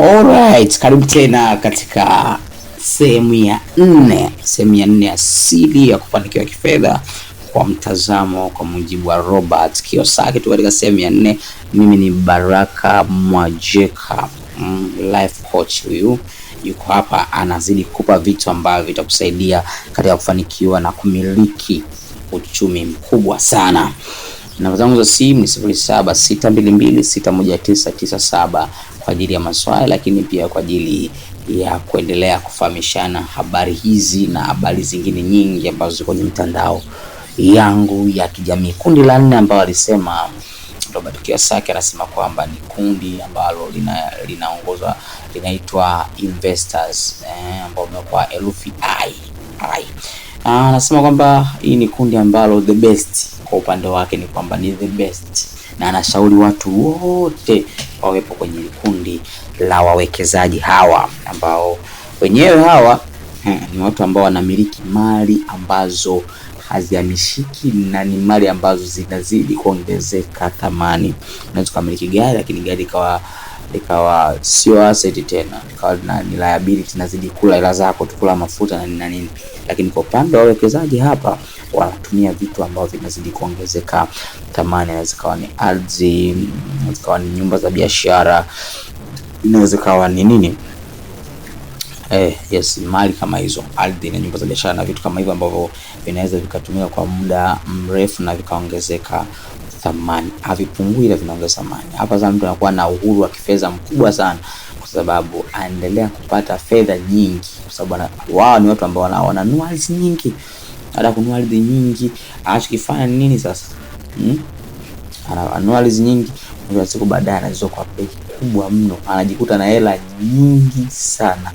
Alright, karibu tena katika sehemu ya nne, sehemu ya nne ya siri ya kufanikiwa kifedha kwa mtazamo kwa mujibu wa Robert Kiyosaki. Tu katika sehemu ya nne, mimi ni Baraka Mwajeka, mm, life coach huyu yuko hapa, anazidi kupa vitu ambavyo vitakusaidia katika kufanikiwa na kumiliki uchumi mkubwa sana. Namba zangu za simu ni sifuri saba sita mbili mbili sita moja tisa tisa saba kwa ajili ya maswala, lakini pia kwa ajili ya kuendelea kufahamishana habari hizi na habari zingine nyingi ambazo ziko kwenye mitandao yangu ya kijamii. Kundi la nne ambao alisema Robert Kiyosaki anasema kwamba ni kundi ambalo linaongozwa lina linaitwa investors eh, ambao umekuwa herufi I I anasema kwamba hii ni kundi ambalo the best kwa upande wake ni kwamba ni the best, na anashauri watu wote wawepo kwenye kundi la wawekezaji hawa ambao wenyewe hawa hmm, ni watu ambao wanamiliki mali ambazo hazihamishiki na ni mali ambazo zinazidi kuongezeka thamani. Unaweza kumiliki gari lakini gari ikawa ikawa sio asset tena, ikawa ni liability, inazidi kula hela zako tukula mafuta na nini na nini lakini kwa upande wa wawekezaji hapa wanatumia vitu ambavyo vinazidi kuongezeka thamani. Inaweza kawa ni ardhi, inaweza kawa ni nyumba za biashara, inaweza kawa ni nini Eh, yes, mali kama hizo, ardhi na nyumba za biashara na vitu kama hivyo ambavyo vinaweza vikatumika kwa muda mrefu na vikaongezeka thamani. Havipungui ila vinaongeza thamani. Hapa sasa mtu anakuwa na uhuru wa kifedha mkubwa sana, kwa sababu aendelea kupata fedha nyingi sababu wao ni watu ambao wananua ardhi nyingi, hata kunua ardhi nyingi. Anachokifanya ni nini sasa? Hmm? Ananua ardhi nyingi, mwisho wa siku baadaye anauza kwa bei kubwa mno, anajikuta na hela nyingi sana,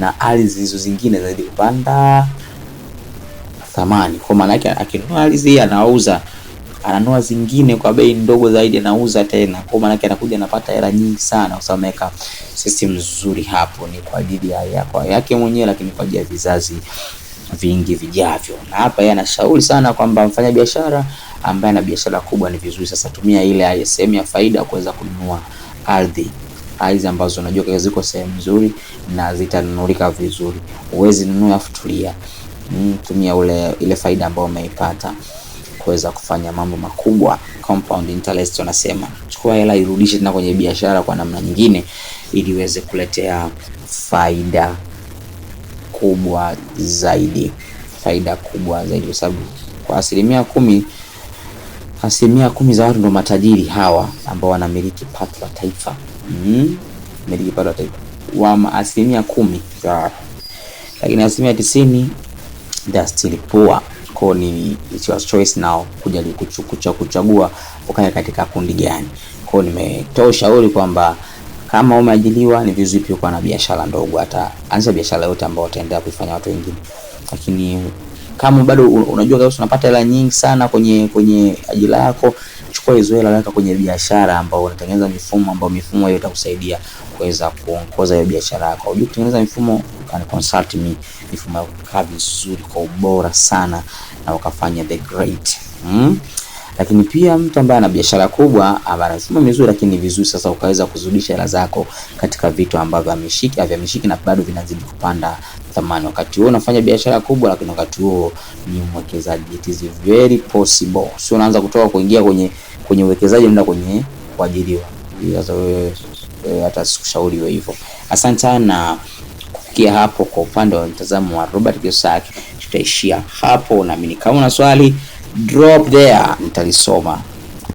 na ardhi hizo zingine zaidi kupanda thamani. Kwa maana yake akinunua ardhi anauza ananua zingine kwa bei ndogo zaidi, anauza tena. Kwa maana yake anakuja anapata hela nyingi sana, kwa sababu ameweka system nzuri hapo. Ni kwa ajili ya yako yake mwenyewe, lakini kwa ajili ya vizazi vingi vijavyo. Na hapa yeye anashauri sana kwamba mfanya biashara ambaye ana biashara kubwa, ni vizuri sasa tumia ile sehemu ya faida kuweza kununua ardhi hizi ambazo unajua kwa ziko sehemu nzuri na zitanunulika vizuri. Uwezi nunua afu mm, tumia ule ile faida ambayo umeipata kuweza kufanya mambo makubwa. Compound interest wanasema chukua hela irudishe tena kwenye biashara kwa namna nyingine, ili iweze kuletea faida kubwa zaidi, faida kubwa zaidi, kwa sababu kwa asilimia kumi asilimia kumi za watu ndo matajiri hawa ambao wanamiliki pato la taifa mm, miliki pato la taifa wa asilimia kumi, lakini asilimia tisini they are still poor yako ni it's your choice now kuja kuchukua kuchagua ukae katika kundi gani. Kwa hiyo nimetoa ushauri kwamba kama umeajiliwa ni vizuri pia kuwa na biashara ndogo, hata anza biashara yote ambayo utaendelea kuifanya watu wengine. Lakini kama bado unajua kwamba unapata hela nyingi sana kwenye kwenye ajira yako, chukua hizo hela weka kwenye biashara ambayo unatengeneza mifumo ambayo mifumo hiyo itakusaidia kuweza kuongoza hiyo biashara yako. Unajua kutengeneza mifumo can consult me if umekaa vizuri kwa ubora sana na ukafanya the great mm? Lakini pia mtu ambaye ana biashara kubwa anasema mizuri, lakini ni vizuri sasa ukaweza kuzidisha hela zako katika vitu ambavyo hamishiki havyamishiki na bado vinazidi kupanda thamani. Wakati huo unafanya biashara kubwa, lakini wakati huo ni mwekezaji, it is very possible. Sio unaanza kutoka kuingia kwenye kwenye uwekezaji mna kwenye kuajiriwa. hata sikushauri hivyo. Asante sana kufikia hapo kwa upande wa mtazamo wa Robert Kiyosaki, tutaishia hapo, na mimi kama una swali drop there, nitalisoma.